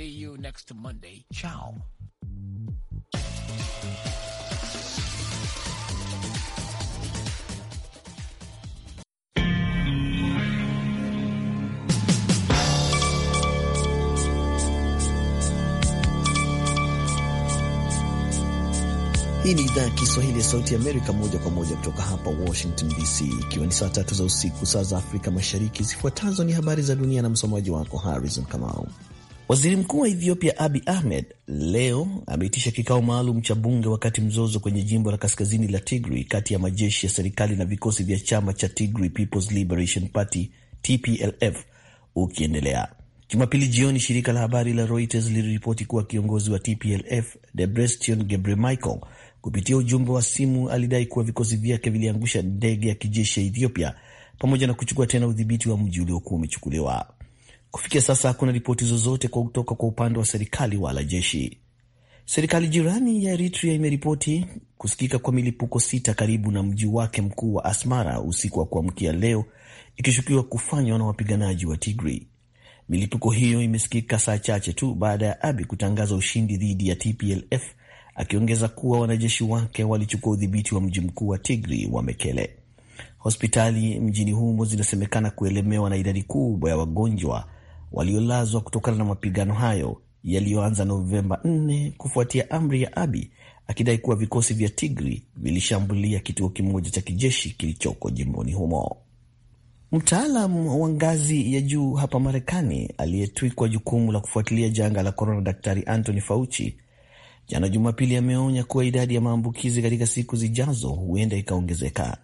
See you next Monday. Ciao. Hii ni idhaa ya Kiswahili ya Sauti Amerika, moja kwa moja kutoka hapa Washington DC, ikiwa ni saa tatu za usiku, saa za Afrika Mashariki. Zifuatazo ni habari za dunia na msomaji wako Harrison Kamau. Waziri Mkuu wa Ethiopia Abi Ahmed leo ameitisha kikao maalum cha bunge wakati mzozo kwenye jimbo la kaskazini la Tigray kati ya majeshi ya serikali na vikosi vya chama cha Tigray People's Liberation Party TPLF ukiendelea. Jumapili jioni, shirika la habari la Reuters liliripoti kuwa kiongozi wa TPLF Debretsion Gebremichael kupitia ujumbe wa simu alidai kuwa vikosi vyake viliangusha ndege ya kijeshi ya Ethiopia pamoja na kuchukua tena udhibiti wa mji uliokuwa umechukuliwa. Kufikia sasa hakuna ripoti zozote kutoka kwa upande wa serikali wala jeshi. Serikali jirani ya Eritrea imeripoti kusikika kwa milipuko sita karibu na mji wake mkuu wa Asmara usiku wa kuamkia leo, ikishukiwa kufanywa na wapiganaji wa Tigri. Milipuko hiyo imesikika saa chache tu baada ya Abi kutangaza ushindi dhidi ya TPLF, akiongeza kuwa wanajeshi wake walichukua udhibiti wa mji mkuu wa Tigri wa Mekele. Hospitali mjini humo zinasemekana kuelemewa na idadi kubwa ya wagonjwa waliolazwa kutokana na mapigano hayo yaliyoanza Novemba 4 kufuatia amri ya Abi akidai kuwa vikosi vya Tigri vilishambulia kituo kimoja cha kijeshi kilichoko jimboni humo. Mtaalam wa ngazi ya juu hapa Marekani aliyetwikwa jukumu la kufuatilia janga la korona, Daktari Anthony Fauci jana Jumapili ameonya kuwa idadi ya maambukizi katika siku zijazo huenda ikaongezeka.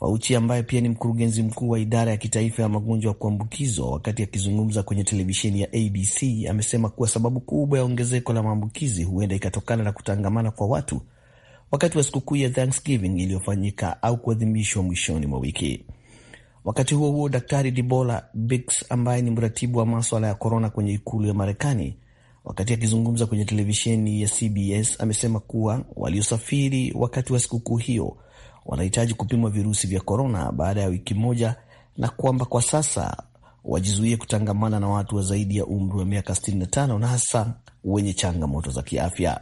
Fauchi ambaye pia ni mkurugenzi mkuu wa idara ya kitaifa ya magonjwa ya kuambukizwa, wakati akizungumza kwenye televisheni ya ABC amesema kuwa sababu kubwa ya ongezeko la maambukizi huenda ikatokana na kutangamana kwa watu wakati wa sikukuu ya Thanksgiving iliyofanyika au kuadhimishwa mwishoni mwa wiki. Wakati huo huo, Daktari Dibola Bix ambaye ni mratibu wa maswala ya korona kwenye ikulu ya Marekani, wakati akizungumza kwenye televisheni ya CBS amesema kuwa waliosafiri wakati wa sikukuu hiyo wanahitaji kupimwa virusi vya korona baada ya wiki moja, na kwamba kwa sasa wajizuie kutangamana na watu wa zaidi ya umri wa miaka 65 na hasa wenye changamoto za kiafya.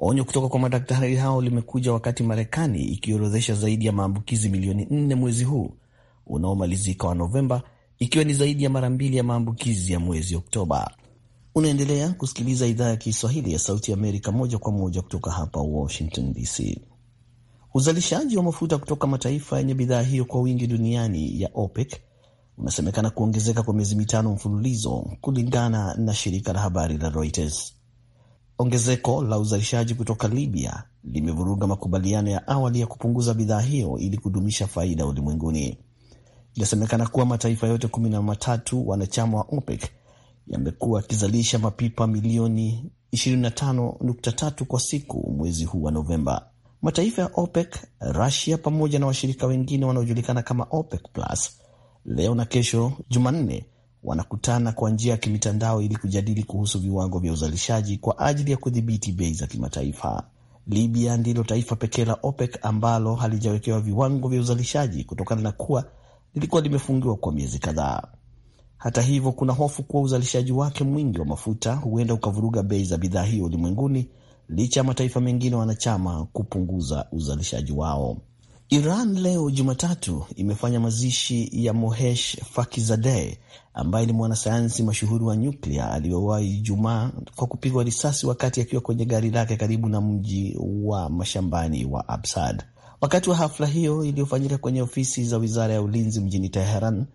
Onyo kutoka kwa madaktari hao limekuja wakati Marekani ikiorodhesha zaidi ya maambukizi milioni nne mwezi huu unaomalizika wa Novemba, ikiwa ni zaidi ya mara mbili ya maambukizi ya mwezi Oktoba. Unaendelea kusikiliza idhaa ya Kiswahili ya Sauti ya Amerika moja kwa moja kutoka hapa Washington DC. Uzalishaji wa mafuta kutoka mataifa yenye bidhaa hiyo kwa wingi duniani ya OPEC unasemekana kuongezeka kwa miezi mitano mfululizo, kulingana na shirika la habari la Reuters. Ongezeko la uzalishaji kutoka Libya limevuruga makubaliano ya awali ya kupunguza bidhaa hiyo ili kudumisha faida ulimwenguni. Inasemekana kuwa mataifa yote kumi na matatu wanachama wa OPEC yamekuwa akizalisha mapipa milioni 25.3 kwa siku mwezi huu wa Novemba. Mataifa ya OPEC, Rusia pamoja na washirika wengine wanaojulikana kama OPEC Plus leo na kesho Jumanne wanakutana kwa njia ya kimitandao ili kujadili kuhusu viwango vya uzalishaji kwa ajili ya kudhibiti bei za kimataifa. Libya ndilo taifa pekee la OPEC ambalo halijawekewa viwango vya uzalishaji kutokana na kuwa lilikuwa limefungiwa kwa miezi kadhaa. Hata hivyo, kuna hofu kuwa uzalishaji wake mwingi wa mafuta huenda ukavuruga bei za bidhaa hiyo ulimwenguni licha ya mataifa mengine wanachama kupunguza uzalishaji wao. Iran leo Jumatatu imefanya mazishi ya Mohesh fakizade ambaye ni mwanasayansi mashuhuri wa nyuklia aliyowai Ijumaa kwa kupigwa risasi wakati akiwa kwenye gari lake karibu na mji wa mashambani wa Absad. Wakati wa hafla hiyo iliyofanyika kwenye ofisi za wizara ya ulinzi mjini Teheran,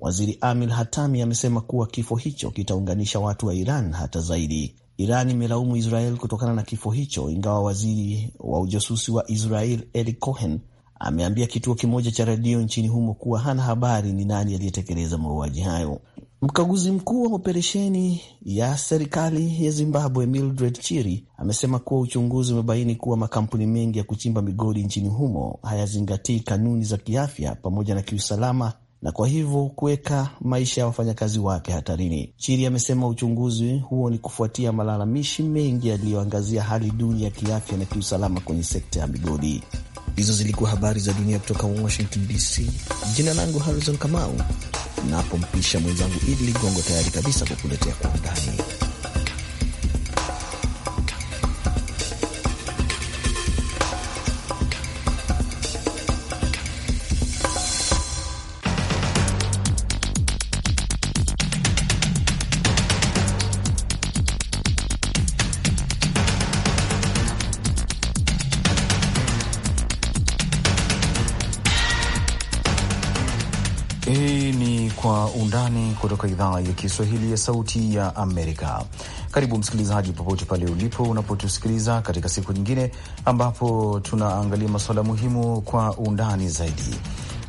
Waziri Amir Hatami amesema kuwa kifo hicho kitaunganisha watu wa Iran hata zaidi. Iran imelaumu Israel kutokana na kifo hicho, ingawa waziri wa ujasusi wa Israel Eli Cohen ameambia kituo kimoja cha redio nchini humo kuwa hana habari ni nani aliyetekeleza mauaji hayo. Mkaguzi mkuu wa operesheni ya serikali ya Zimbabwe Mildred Chiri amesema kuwa uchunguzi umebaini kuwa makampuni mengi ya kuchimba migodi nchini humo hayazingatii kanuni za kiafya pamoja na kiusalama na kwa hivyo kuweka maisha ya wafanyakazi wake hatarini. Chiri amesema uchunguzi huo ni kufuatia malalamishi mengi yaliyoangazia hali duni ya kiafya na kiusalama kwenye sekta ya migodi. Hizo zilikuwa habari za dunia kutoka Washington DC. Jina langu Harrison Kamau, napompisha mwenzangu Idi Ligongo tayari kabisa kukuletea kwa undani idhaa ya Kiswahili ya Sauti ya Amerika. Karibu msikilizaji, popote pale ulipo unapotusikiliza katika siku nyingine ambapo tunaangalia masuala muhimu kwa undani zaidi,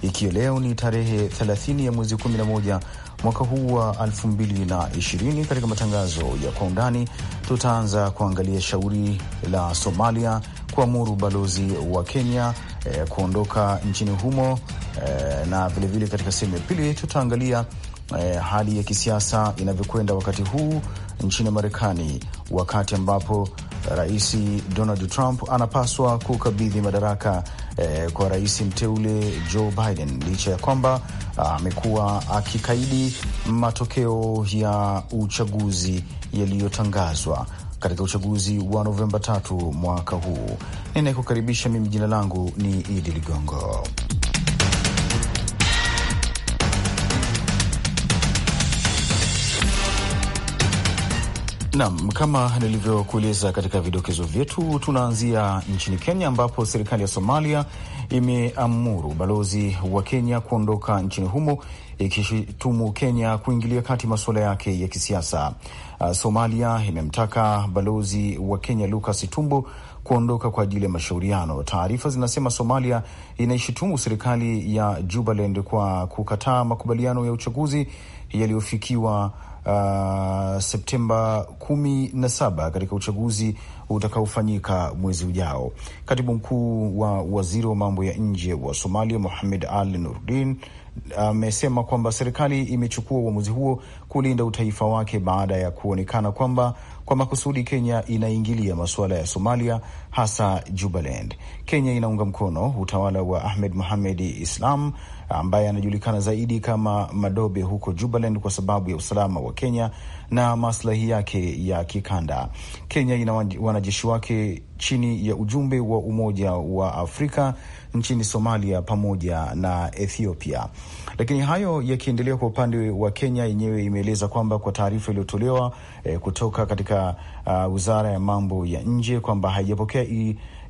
ikiwa leo ni tarehe 30 ya mwezi 11 mwaka huu wa 2020. Katika matangazo ya kwa undani, tutaanza kuangalia shauri la Somalia kuamuru balozi wa Kenya eh, kuondoka nchini humo eh, na vilevile katika sehemu ya pili tutaangalia eh, hali ya kisiasa inavyokwenda wakati huu nchini Marekani, wakati ambapo Rais Donald Trump anapaswa kukabidhi madaraka eh, kwa rais mteule Joe Biden licha ya kwamba ah, amekuwa ah, akikaidi matokeo ya uchaguzi yaliyotangazwa katika uchaguzi wa Novemba tatu mwaka huu. Ninayekukaribisha mimi, jina langu ni Idi Ligongo. Nam, kama nilivyokueleza katika vidokezo vyetu, tunaanzia nchini Kenya ambapo serikali ya Somalia imeamuru balozi wa Kenya kuondoka nchini humo ikishutumu Kenya kuingilia kati masuala yake ya kisiasa. Uh, Somalia imemtaka balozi wa Kenya Lucas Tumbo kuondoka kwa ajili ya mashauriano. Taarifa zinasema Somalia inaishutumu serikali ya Jubaland kwa kukataa makubaliano ya uchaguzi yaliyofikiwa uh, Septemba kumi na saba katika uchaguzi utakaofanyika mwezi ujao. Katibu mkuu wa waziri wa mambo ya nje wa Somalia muhamed Ali Nurdin amesema kwamba serikali imechukua uamuzi huo kulinda utaifa wake baada ya kuonekana kwamba kwa makusudi Kenya inaingilia masuala ya Somalia, hasa Jubaland. Kenya inaunga mkono utawala wa Ahmed Mohamed Islam ambaye anajulikana zaidi kama Madobe huko Jubaland kwa sababu ya usalama wa Kenya na maslahi yake ya kikanda. Kenya ina wanajeshi wake chini ya ujumbe wa Umoja wa Afrika nchini Somalia pamoja na Ethiopia. Lakini hayo yakiendelea, kwa upande wa Kenya yenyewe imeeleza kwamba kwa taarifa iliyotolewa eh, kutoka katika uh, wizara ya mambo ya nje kwamba haijapokea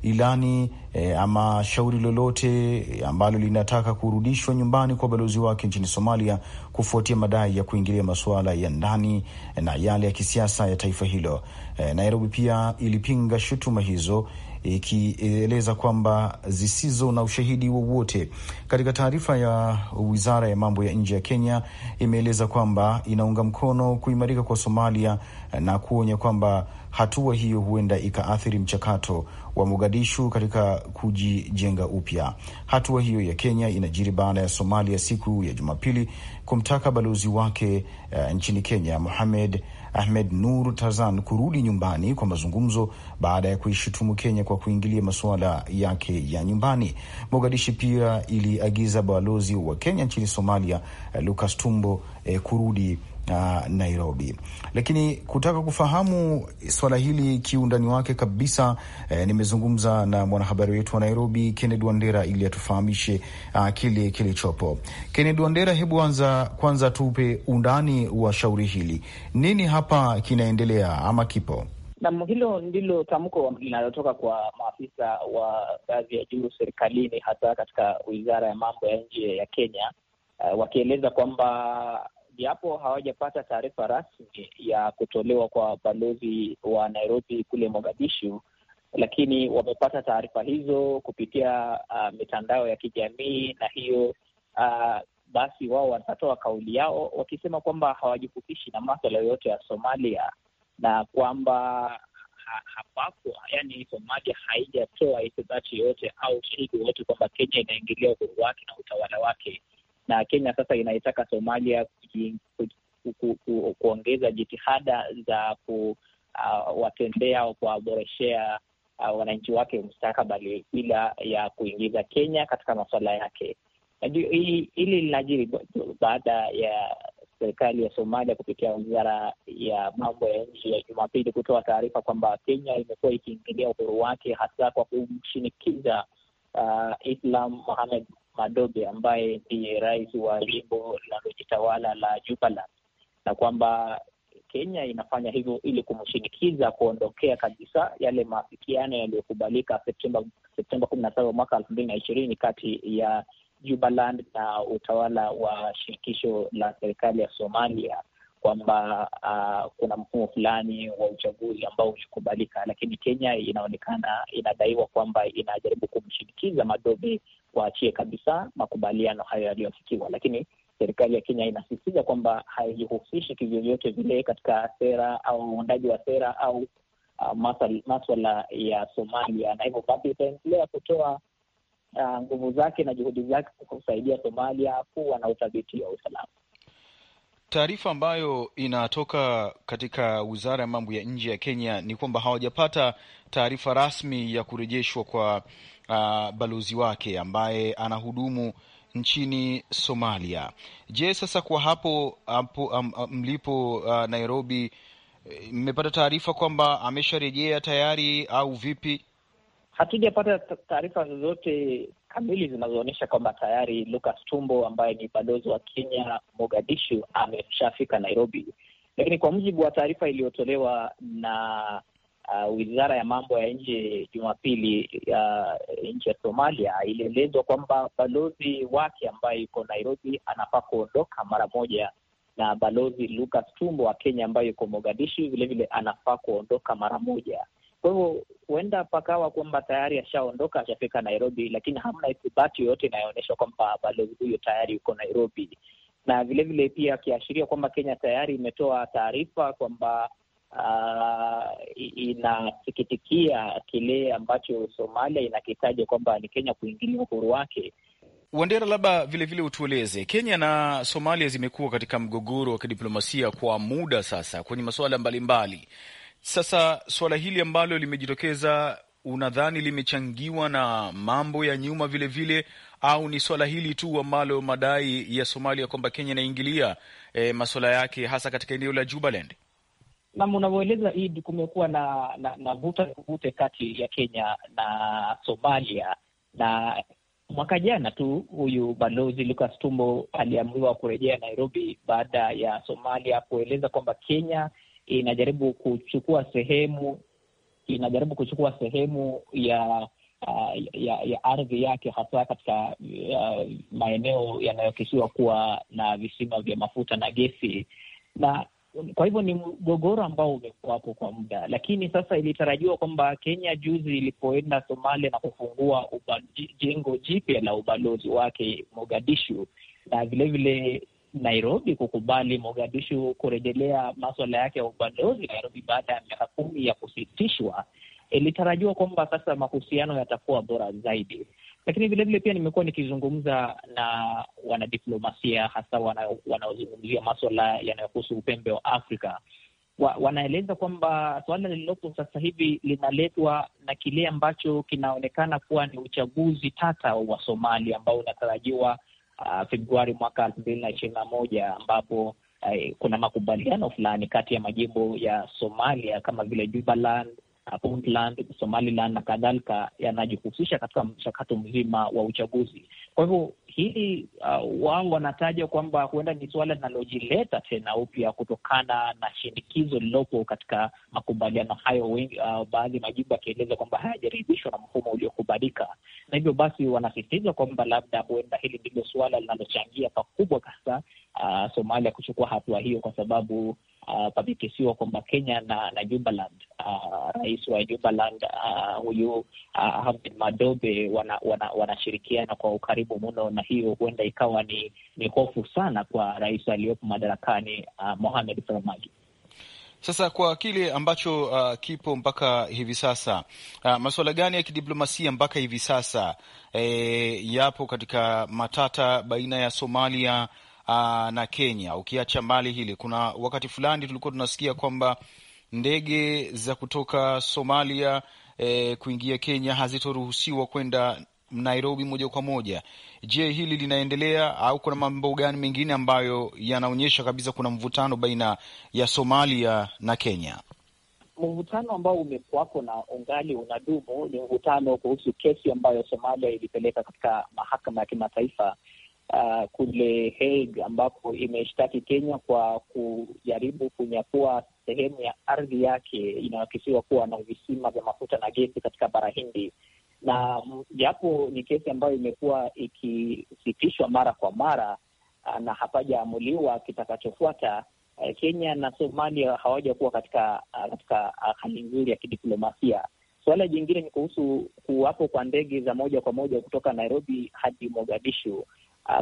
ilani e, ama shauri lolote ambalo linataka kurudishwa nyumbani kwa balozi wake nchini Somalia kufuatia madai ya kuingilia masuala ya ndani na yale ya kisiasa ya taifa hilo. E, Nairobi pia ilipinga shutuma hizo ikieleza kwamba zisizo na ushahidi wowote. Katika taarifa ya wizara ya mambo ya nje ya Kenya, imeeleza kwamba inaunga mkono kuimarika kwa Somalia e, na kuonya kwamba hatua hiyo huenda ikaathiri mchakato wa Mogadishu katika kujijenga upya. Hatua hiyo ya Kenya inajiri baada ya Somalia siku ya Jumapili kumtaka balozi wake uh, nchini Kenya Mohamed Ahmed Nur Tazan kurudi nyumbani kwa mazungumzo baada ya kuishutumu Kenya kwa kuingilia masuala yake ya nyumbani. Mogadishi pia iliagiza balozi wa Kenya nchini Somalia eh, Lucas Tumbo eh, kurudi uh, Nairobi. Lakini kutaka kufahamu swala hili kiundani wake kabisa, eh, nimezungumza na mwanahabari wetu wa Nairobi Kennedy Wandera ili atufahamishe uh, kile kilichopo. Kennedy Wandera, hebu anza kwanza, tupe undani wa shauri hili, nini hapa kinaendelea ama kipo? Nam, hilo ndilo tamko linalotoka kwa maafisa wa ngazi ya juu serikalini, hasa katika wizara ya mambo ya nje ya Kenya, uh, wakieleza kwamba japo hawajapata taarifa rasmi ya kutolewa kwa balozi wa Nairobi kule Mogadishu, lakini wamepata taarifa hizo kupitia uh, mitandao ya kijamii na hiyo uh, basi wao watatoa kauli yao wakisema kwamba hawajihusishi na maswala yoyote ya Somalia na kwamba hapapo yani, Somalia haijatoa ithibati yoyote au ushahidi wowote kwamba Kenya inaingilia uhuru wake na utawala wake na Kenya sasa inaitaka Somalia kuongeza jitihada za kuwatendea uh, kuwaboreshea uh, wananchi wake mustakabali bila ya kuingiza Kenya katika masuala yake. Hili linajiri baada ya serikali ya Somalia kupitia wizara ya mambo ya nje ya Jumapili kutoa taarifa kwamba Kenya imekuwa ikiingilia uhuru wake hasa kwa kumshinikiza uh, Islam Mohamed Madobe ambaye ndiye rais wa jimbo linalojitawala la Jubaland, na kwamba Kenya inafanya hivyo ili kumshinikiza kuondokea kabisa yale maafikiano yaliyokubalika Septemba Septemba kumi na saba mwaka elfu mbili na ishirini kati ya Jubaland na utawala wa shirikisho la serikali ya Somalia kwamba uh, kuna mfumo fulani wa uchaguzi ambao ulikubalika, lakini Kenya inaonekana inadaiwa kwamba inajaribu kumshinikiza Madobe waachie kabisa makubaliano hayo yaliyofikiwa, lakini serikali ya Kenya inasisitiza kwamba haijihusishi kivyovyote vile katika sera au uundaji wa sera au uh, maswala ya Somalia, na hivyo basi itaendelea kutoa uh, nguvu zake na juhudi zake kusaidia Somalia kuwa na uthabiti wa usalama. Taarifa ambayo inatoka katika wizara ya mambo ya nje ya Kenya ni kwamba hawajapata taarifa rasmi ya kurejeshwa kwa uh, balozi wake ambaye anahudumu nchini Somalia. Je, sasa kwa hapo am, mlipo uh, Nairobi, eh, mmepata taarifa kwamba amesharejea tayari au vipi? hatujapata taarifa zozote kamili zinazoonyesha kwamba tayari Lucas Tumbo ambaye ni balozi wa Kenya Mogadishu ameshafika Nairobi, lakini kwa mujibu wa taarifa iliyotolewa na uh, wizara ya mambo ya nje Jumapili ya uh, nchi ya Somalia, ilielezwa kwamba balozi wake ambaye yuko Nairobi anafaa kuondoka mara moja na balozi Lucas Tumbo wa Kenya ambaye yuko Mogadishu vilevile anafaa kuondoka mara moja. Kwa hivyo huenda pakawa kwamba tayari ashaondoka ashafika Nairobi, lakini hamna ithibati yoyote inayoonyesha kwamba balozi huyo tayari yuko Nairobi, na vilevile vile pia akiashiria kwamba Kenya tayari imetoa taarifa kwamba uh, inasikitikia kile ambacho Somalia inakitaja kwamba ni Kenya kuingilia uhuru wake. Wandera, labda vilevile utueleze, Kenya na Somalia zimekuwa katika mgogoro wa kidiplomasia kwa muda sasa kwenye masuala mbalimbali mbali. Sasa suala hili ambalo limejitokeza unadhani limechangiwa na mambo ya nyuma vilevile vile, au ni swala hili tu ambalo madai ya Somalia kwamba Kenya inaingilia e, masuala yake hasa katika eneo la Jubaland? Nam, unavyoeleza Id, kumekuwa na na, na vuta kuvute kati ya Kenya na Somalia, na mwaka jana tu huyu balozi Lucas Tumbo aliamriwa kurejea Nairobi baada ya Somalia kueleza kwamba Kenya inajaribu kuchukua sehemu inajaribu kuchukua sehemu ya uh, ya, ya ardhi yake hasa katika uh, maeneo yanayokisiwa kuwa na visima vya mafuta na gesi, na kwa hivyo ni mgogoro ambao umekuwapo kwa muda, lakini sasa ilitarajiwa kwamba Kenya juzi ilipoenda Somalia na kufungua jengo jipya la ubalozi wake Mogadishu na vilevile Nairobi kukubali Mogadishu kurejelea maswala yake ya ubalozi Nairobi baada ya miaka kumi ya kusitishwa, ilitarajiwa kwamba sasa mahusiano yatakuwa bora zaidi. Lakini vilevile pia nimekuwa nikizungumza na wanadiplomasia hasa wanaozungumzia wana maswala yanayohusu upembe wa Afrika wa, wanaeleza kwamba suala lililopo sasa hivi linaletwa na kile ambacho kinaonekana kuwa ni uchaguzi tata wa Somalia ambao unatarajiwa Uh, Februari mwaka elfu mbili na ishirini na moja ambapo uh, kuna makubaliano fulani kati ya majimbo ya Somalia kama vile Jubaland, uh, Puntland, Somaliland na kadhalika yanajihusisha katika mchakato mzima wa uchaguzi. Kwa hivyo hili uh, wao wanataja kwamba huenda ni suala linalojileta tena upya kutokana na shinikizo lililopo katika makubaliano hayo, wengi uh, baadhi ya majimbo yakieleza kwamba hayajaridhishwa na mfumo ulio hivyo basi wanasisitiza kwamba labda huenda hili ndilo suala linalochangia pakubwa hasa uh, ah, Somalia kuchukua hatua hiyo, kwa sababu uh, ah, pamekisiwa kwamba Kenya na, na Jubaland uh, ah, rais wa Jubaland uh, huyu uh, Ahmed Madobe wanashirikiana wana, wana kwa ukaribu mno, na hiyo huenda ikawa ni, ni hofu sana kwa rais aliyopo madarakani uh, Mohamed Farmajo. Sasa kwa kile ambacho uh, kipo mpaka hivi sasa uh, masuala gani ya kidiplomasia mpaka hivi sasa e, yapo katika matata baina ya Somalia uh, na Kenya? Ukiacha mbali hili, kuna wakati fulani tulikuwa tunasikia kwamba ndege za kutoka Somalia e, kuingia Kenya hazitoruhusiwa kwenda Nairobi moja kwa moja. Je, hili linaendelea au kuna mambo gani mengine ambayo yanaonyesha kabisa kuna mvutano baina ya Somalia na Kenya? Mvutano ambao umekuwako na ungali unadumu ni mvutano kuhusu kesi ambayo Somalia ilipeleka katika mahakama ya kimataifa uh, kule Hague, ambapo imeshtaki Kenya kwa kujaribu kunyakua sehemu ya ardhi yake inayoakisiwa kuwa na visima vya mafuta na gesi katika bara Hindi na japo ni kesi ambayo imekuwa ikisitishwa mara kwa mara ah, na hapajaamuliwa kitakachofuata. Eh, Kenya na Somalia hawajakuwa katika ah, katika ah, hali nzuri ya kidiplomasia. Suala jingine ni kuhusu kuwapo kwa ndege za moja kwa moja kutoka Nairobi hadi Mogadishu.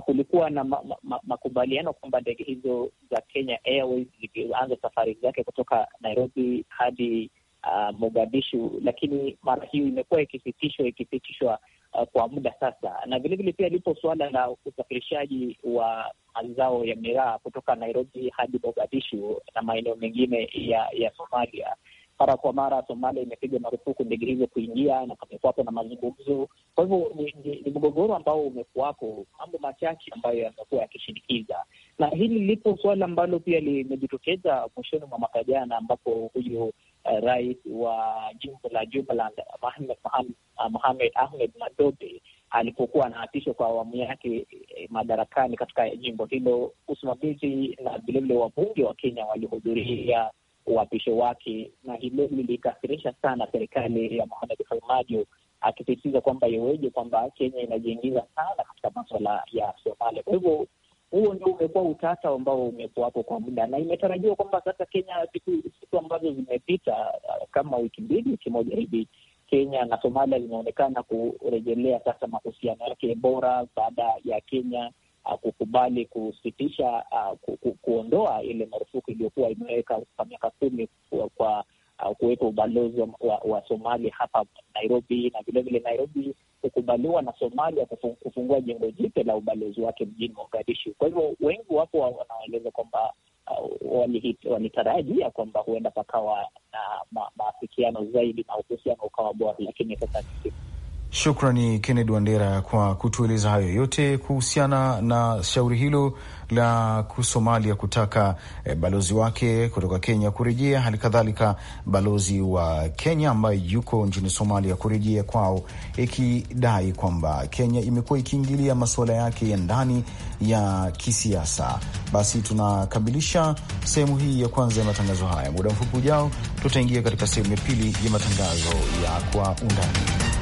Kulikuwa na ma, ma, makubaliano kwamba ndege hizo za Kenya Airways zikianza safari zake kutoka Nairobi hadi Uh, Mogadishu, lakini mara hiyo imekuwa ikisitishwa ikisitishwa uh, kwa muda sasa, na vilevile pia lipo suala la usafirishaji wa mazao ya miraa kutoka Nairobi hadi Mogadishu na maeneo mengine ya, ya Somalia. Mara kwa mara Somalia imepiga marufuku ndege hizo kuingia, na pamekuwapo na mazungumzo. Kwa hivyo ni mgogoro ambao umekuwapo, mambo machache ambayo yamekuwa yakishinikiza, na hili lipo suala ambalo pia limejitokeza mwishoni mwa mwaka jana, ambapo huyu rais wa jimbo la Jubaland Mohamed ah, Ahmed Madobe alipokuwa anaapishwa kwa awamu yake eh, madarakani katika jimbo hilo, usimamizi na vilevile wabunge wa Kenya walihudhuria uapisho wake, na hilo lilikasirisha sana serikali ya Mohamed Farmajo, akisisitiza kwamba iweje kwamba Kenya inajiingiza sana katika maswala ya Somalia. Kwa hivyo huo ndio umekuwa utata ambao umekuwa hapo kwa muda, na imetarajiwa kwamba sasa Kenya siku ambazo zimepita uh, kama wiki mbili, wiki moja hivi, Kenya na Somalia zinaonekana kurejelea sasa mahusiano yake bora baada ya Kenya uh, kukubali kusitisha, uh, ku, ku, kuondoa ile marufuku iliyokuwa imeweka kwa miaka kumi kwa uh, kuwepo ubalozi wa, wa, wa Somalia hapa Nairobi, na vilevile Nairobi kukubaliwa na Somalia kufungua jengo jipya la ubalozi wake mjini Mogadishu. Kwa hivyo wengi wapo wanaeleza kwamba uh, walitarajia kwamba huenda pakawa na ma, maafikiano zaidi na uhusiano ukawa bora, lakini sasa Shukrani Kennedy Wandera kwa kutueleza hayo yote kuhusiana na shauri hilo la Somalia kutaka e, balozi wake kutoka Kenya kurejea, hali kadhalika balozi wa Kenya ambaye yuko nchini Somalia kurejea kwao, ikidai kwamba Kenya imekuwa ikiingilia masuala yake ya ndani ya kisiasa. Basi tunakamilisha sehemu hii ya kwanza ya matangazo haya. Muda mfupi ujao, tutaingia katika sehemu ya pili ya matangazo ya kwa undani.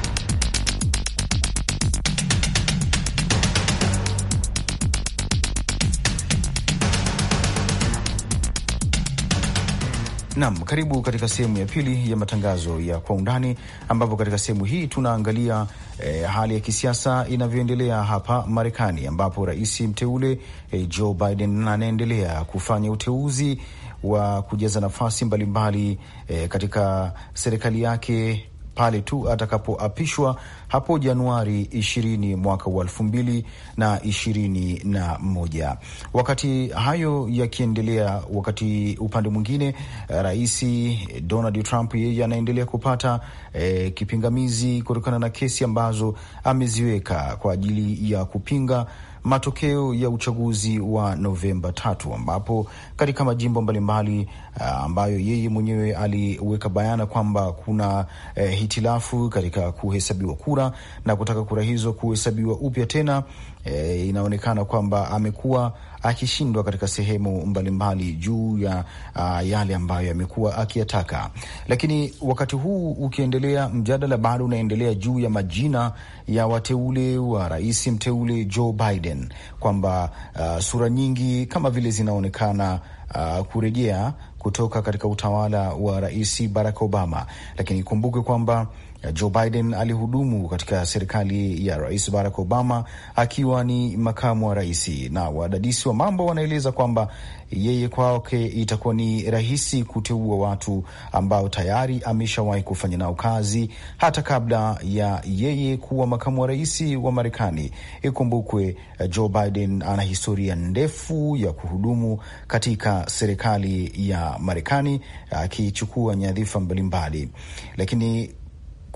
Nam, karibu katika sehemu ya pili ya matangazo ya kwa undani, ambapo katika sehemu hii tunaangalia e, hali ya kisiasa inavyoendelea hapa Marekani, ambapo rais mteule e, Joe Biden anaendelea kufanya uteuzi wa kujaza nafasi mbalimbali e, katika serikali yake pale tu atakapoapishwa hapo Januari 20 mwaka wa elfu mbili na ishirini na moja. Wakati hayo yakiendelea, wakati upande mwingine eh, Rais eh, Donald Trump yeye anaendelea kupata eh, kipingamizi kutokana na kesi ambazo ameziweka kwa ajili ya kupinga matokeo ya uchaguzi wa Novemba tatu, ambapo katika majimbo mbalimbali uh, ambayo yeye mwenyewe aliweka bayana kwamba kuna eh, hitilafu katika kuhesabiwa kura na kutaka kura hizo kuhesabiwa upya tena, eh, inaonekana kwamba amekuwa akishindwa katika sehemu mbalimbali juu ya uh, yale ambayo yamekuwa akiyataka. Lakini wakati huu ukiendelea, mjadala bado unaendelea juu ya majina ya wateule wa rais mteule Joe Biden kwamba uh, sura nyingi kama vile zinaonekana uh, kurejea kutoka katika utawala wa Rais Barack Obama, lakini ikumbuke kwamba Joe Biden alihudumu katika serikali ya Rais Barack Obama akiwa ni makamu wa rais, na wadadisi wa mambo wanaeleza kwamba yeye kwake itakuwa ni rahisi kuteua watu ambao tayari ameshawahi kufanya nao kazi hata kabla ya yeye kuwa makamu wa rais wa Marekani. Ikumbukwe Joe Biden ana historia ndefu ya kuhudumu katika serikali ya Marekani akichukua nyadhifa mbalimbali, lakini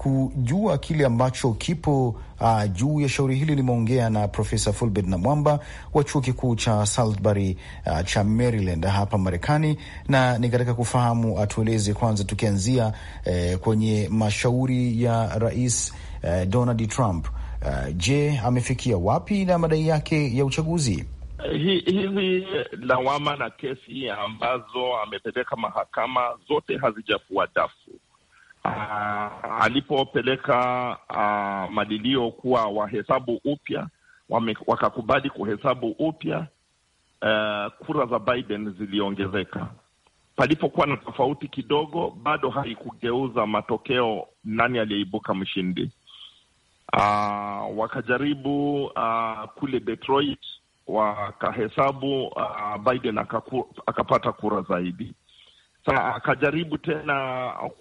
kujua kile ambacho kipo uh, juu ya shauri hili limeongea na Profesa Fulbert Namwamba wa chuo kikuu cha Salisbury uh, cha Maryland hapa Marekani, na ni katika kufahamu atueleze uh, kwanza, tukianzia eh, kwenye mashauri ya rais eh, Donald Trump uh, je, amefikia wapi na madai yake ya uchaguzi? Hizi lawama na kesi ambazo amepeleka mahakama zote hazijafuadafu Ah, alipopeleka madilio ah, malilio kuwa wahesabu upya, wakakubali kuhesabu upya uh, kura za Biden ziliongezeka palipokuwa na tofauti kidogo, bado haikugeuza matokeo nani aliyeibuka mshindi. Uh, wakajaribu uh, kule Detroit wakahesabu uh, Biden akaku, akapata kura zaidi sa akajaribu tena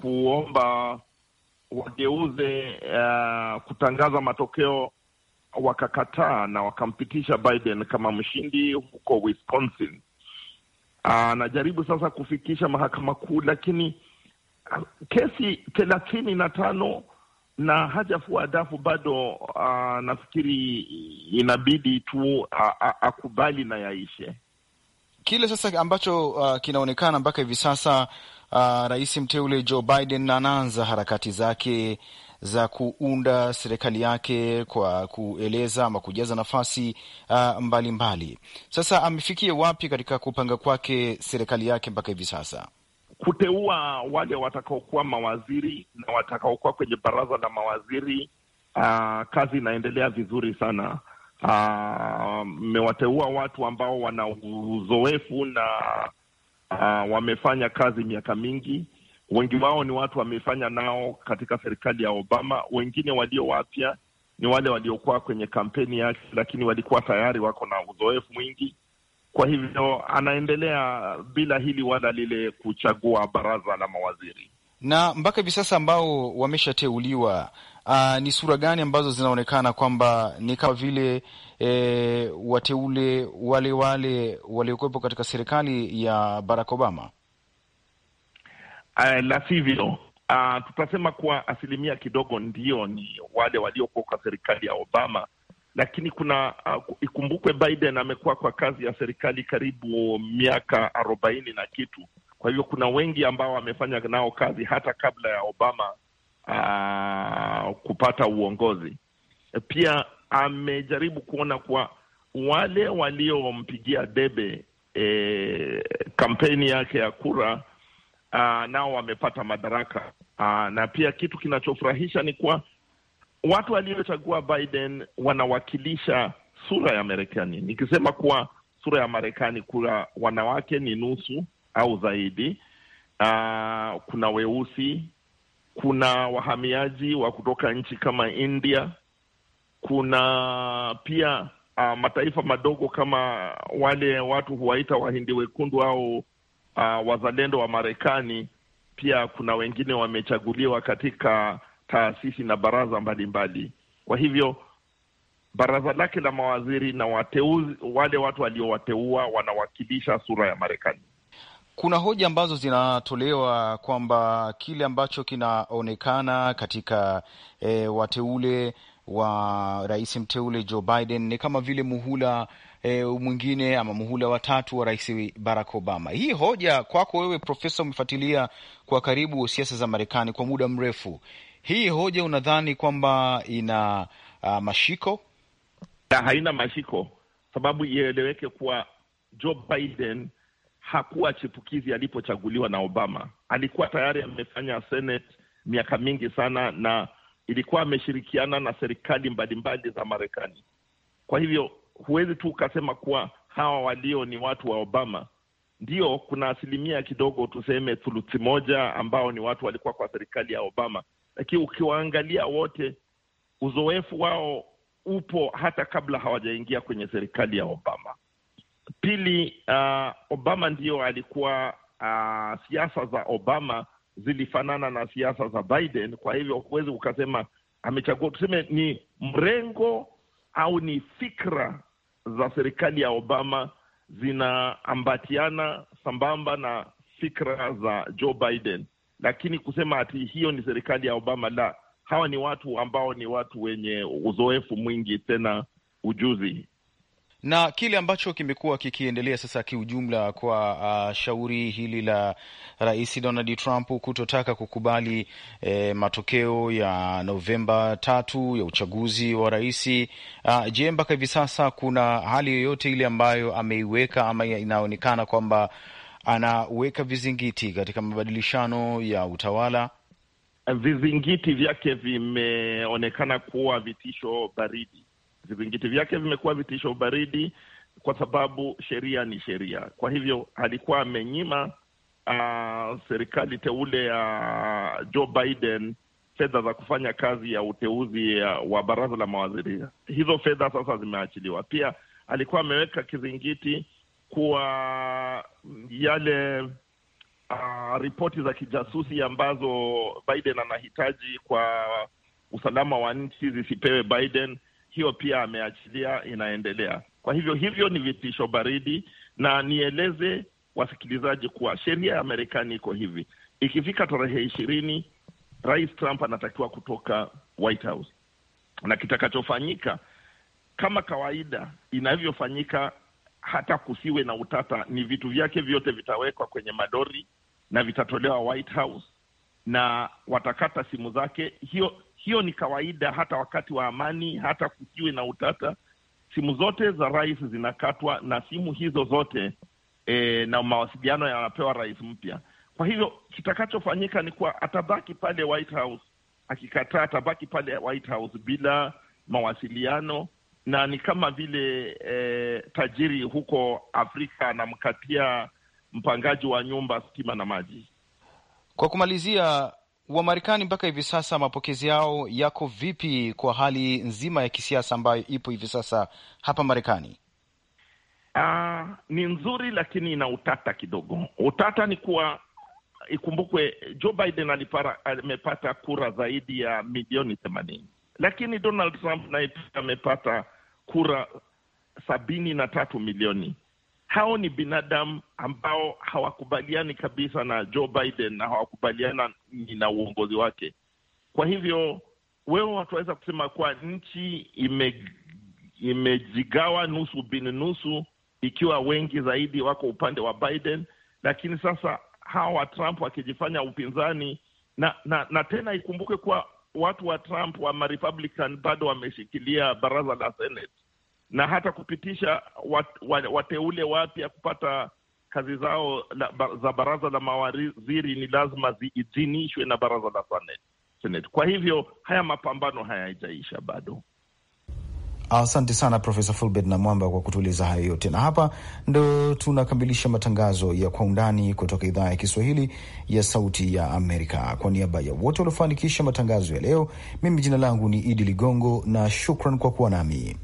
kuomba wageuze uh, kutangaza matokeo, wakakataa na wakampitisha Biden kama mshindi huko Wisconsin. Ah, anajaribu uh, sasa kufikisha mahakama kuu, lakini uh, kesi thelathini na tano na hajafua dafu bado. Uh, nafikiri inabidi tu akubali uh, akubali na yaishe kile sasa ambacho uh, kinaonekana mpaka hivi sasa uh, rais mteule Joe Biden anaanza harakati zake za kuunda serikali yake kwa kueleza ama kujaza nafasi uh, mbalimbali uh, mbali. Sasa amefikia wapi katika kupanga kwake serikali yake mpaka hivi sasa? Kuteua wale watakaokuwa mawaziri na watakaokuwa kwenye baraza la mawaziri. Uh, kazi inaendelea vizuri sana. Ah, mmewateua watu ambao wana uzoefu na uh, wamefanya kazi miaka mingi. Wengi wao ni watu wamefanya nao katika serikali ya Obama. Wengine walio wapya ni wale waliokuwa kwenye kampeni yake, lakini walikuwa tayari wako na uzoefu mwingi. Kwa hivyo anaendelea bila hili wala lile kuchagua baraza la mawaziri, na mpaka hivi sasa ambao wameshateuliwa uh, ni sura gani ambazo zinaonekana kwamba ni kama vile e, wateule wale wale waliokuwepo katika serikali ya Barack Obama? Uh, la sivyo Uh, tutasema kuwa asilimia kidogo ndio ni wale waliokuwa kwa serikali ya Obama, lakini kuna uh, ikumbukwe Biden amekuwa kwa kazi ya serikali karibu miaka arobaini na kitu. Kwa hivyo kuna wengi ambao wamefanya nao kazi hata kabla ya Obama uh, kupata uongozi. Pia amejaribu kuona kwa wale waliompigia debe e, kampeni yake ya kura ah, nao wamepata madaraka uh, na pia kitu kinachofurahisha ni kuwa watu waliochagua Biden wanawakilisha sura ya Marekani. Nikisema kuwa sura ya Marekani, kuna wanawake ni nusu au zaidi, uh, kuna weusi kuna wahamiaji wa kutoka nchi kama India, kuna pia uh, mataifa madogo kama wale watu huwaita wahindi wekundu au uh, wazalendo wa Marekani. Pia kuna wengine wamechaguliwa katika taasisi na baraza mbalimbali. Kwa hivyo baraza lake la mawaziri na wateuzi, wale watu waliowateua wanawakilisha sura ya Marekani. Kuna hoja ambazo zinatolewa kwamba kile ambacho kinaonekana katika e, wateule wa rais mteule Joe Biden ni kama vile muhula e, mwingine ama muhula watatu wa rais Barack Obama. Hii hoja kwako wewe, profesa, umefuatilia kwa karibu siasa za Marekani kwa muda mrefu, hii hoja unadhani kwamba ina a, ah, mashiko? haina mashiko, sababu ieleweke kuwa Joe Biden hakuwa chipukizi alipochaguliwa na Obama. Alikuwa tayari amefanya Senate miaka mingi sana, na ilikuwa ameshirikiana na serikali mbalimbali za Marekani. Kwa hivyo huwezi tu ukasema kuwa hawa walio ni watu wa Obama. ndio kuna asilimia kidogo, tuseme thuluthi moja, ambao ni watu walikuwa kwa serikali ya Obama, lakini ukiwaangalia wote, uzoefu wao upo hata kabla hawajaingia kwenye serikali ya Obama. Pili, uh, Obama ndiyo alikuwa uh, siasa za Obama zilifanana na siasa za Biden. Kwa hivyo huwezi ukasema amechagua, tuseme ni mrengo au ni fikra za serikali ya Obama zinaambatiana sambamba na fikra za Joe Biden, lakini kusema ati hiyo ni serikali ya Obama, la, hawa ni watu ambao ni watu wenye uzoefu mwingi tena ujuzi na kile ambacho kimekuwa kikiendelea sasa kiujumla kwa uh, shauri hili la Rais Donald Trump kutotaka kukubali eh, matokeo ya Novemba tatu ya uchaguzi wa rais. Uh, je, mpaka hivi sasa kuna hali yoyote ile ambayo ameiweka ama inaonekana kwamba anaweka vizingiti katika mabadilishano ya utawala? Vizingiti vyake vimeonekana kuwa vitisho baridi Vizingiti vyake vimekuwa vitisho baridi, kwa sababu sheria ni sheria. Kwa hivyo alikuwa amenyima uh, serikali teule ya uh, Joe Biden fedha za kufanya kazi ya uteuzi ya, wa baraza la mawaziri. Hizo fedha sasa zimeachiliwa. Pia alikuwa ameweka kizingiti kuwa yale uh, ripoti za kijasusi ambazo Biden anahitaji kwa usalama wa nchi zisipewe Biden hiyo pia ameachilia inaendelea. Kwa hivyo hivyo ni vitisho baridi, na nieleze wasikilizaji kuwa sheria ya Marekani iko hivi: ikifika tarehe ishirini, Rais Trump anatakiwa kutoka White House, na kitakachofanyika kama kawaida inavyofanyika, hata kusiwe na utata, ni vitu vyake vyote vitawekwa kwenye madori na vitatolewa White House na watakata simu zake. Hiyo hiyo ni kawaida hata wakati wa amani, hata kukiwe na utata, simu zote za rais zinakatwa na simu hizo zote e, na mawasiliano yanapewa rais mpya. Kwa hivyo kitakachofanyika ni kuwa atabaki pale White House, akikataa atabaki pale White House bila mawasiliano, na ni kama vile e, tajiri huko Afrika anamkatia mpangaji wa nyumba stima na maji. Kwa kumalizia wa Marekani mpaka hivi sasa mapokezi yao yako vipi kwa hali nzima ya kisiasa ambayo ipo hivi sasa hapa Marekani? Uh, ni nzuri lakini ina utata kidogo. Utata ni kuwa ikumbukwe, Joe Biden alipara, amepata kura zaidi ya milioni themanini, lakini Donald Trump naye pia amepata kura sabini na tatu milioni hao ni binadamu ambao hawakubaliani kabisa na Joe Biden na hawakubaliana na uongozi wake. Kwa hivyo wewe, wataweza kusema kuwa nchi ime, imejigawa nusu bini nusu, ikiwa wengi zaidi wako upande wa Biden, lakini sasa hawa wa Trump wakijifanya upinzani na, na, na tena ikumbuke kuwa watu wa Trump wa Marepublican bado wameshikilia baraza la Senate na hata kupitisha wateule wapya kupata kazi zao la, ba, za baraza la mawaziri ni lazima ziidhinishwe na baraza la Seneti. Kwa hivyo haya mapambano hayajaisha bado. Asante sana Profesa Fulbert na Mwamba kwa kutueleza hayo yote, na hapa ndo tunakamilisha matangazo ya Kwa Undani kutoka idhaa ya Kiswahili ya Sauti ya Amerika. Kwa niaba ya wote waliofanikisha matangazo ya leo, mimi jina langu ni Idi Ligongo na shukran kwa kuwa nami.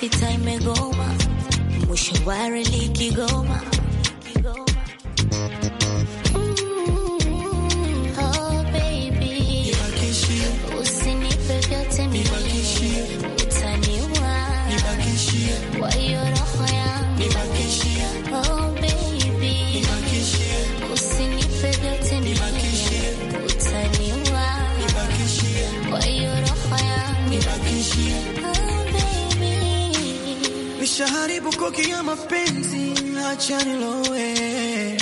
sita imegoma, mwisho wa reli Kigoma Mbogi ya mapenzi acha nilowe,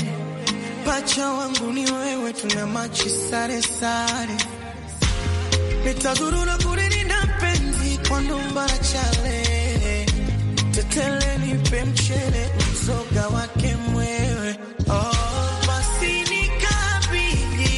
pacha wangu ni wewe, tuna machi sare sare, na kurini na penzi kwa numba na chale, tetele nipe mchele mzoga wake mwe